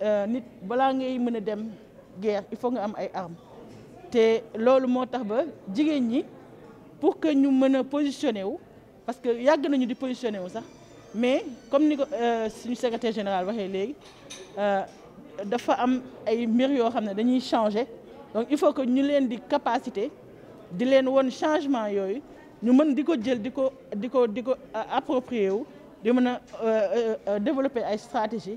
Euh, nit bala ngay mën dem guerre il faut nga am ay armes té lolu motax ba jigéen ñi pour que ñu mën a positionné wu parce que yag nañu di positionné wu sax mais comme ni ko euh, suñu secrétaire général waxé légui euh dafa am ay mur yo xamné dañuy changer donc il faut que ñu leen di capacité di leen won changement yooyu ñu mën diko jël diko diko diko euh, approprier wu di mën a développer ay stratégie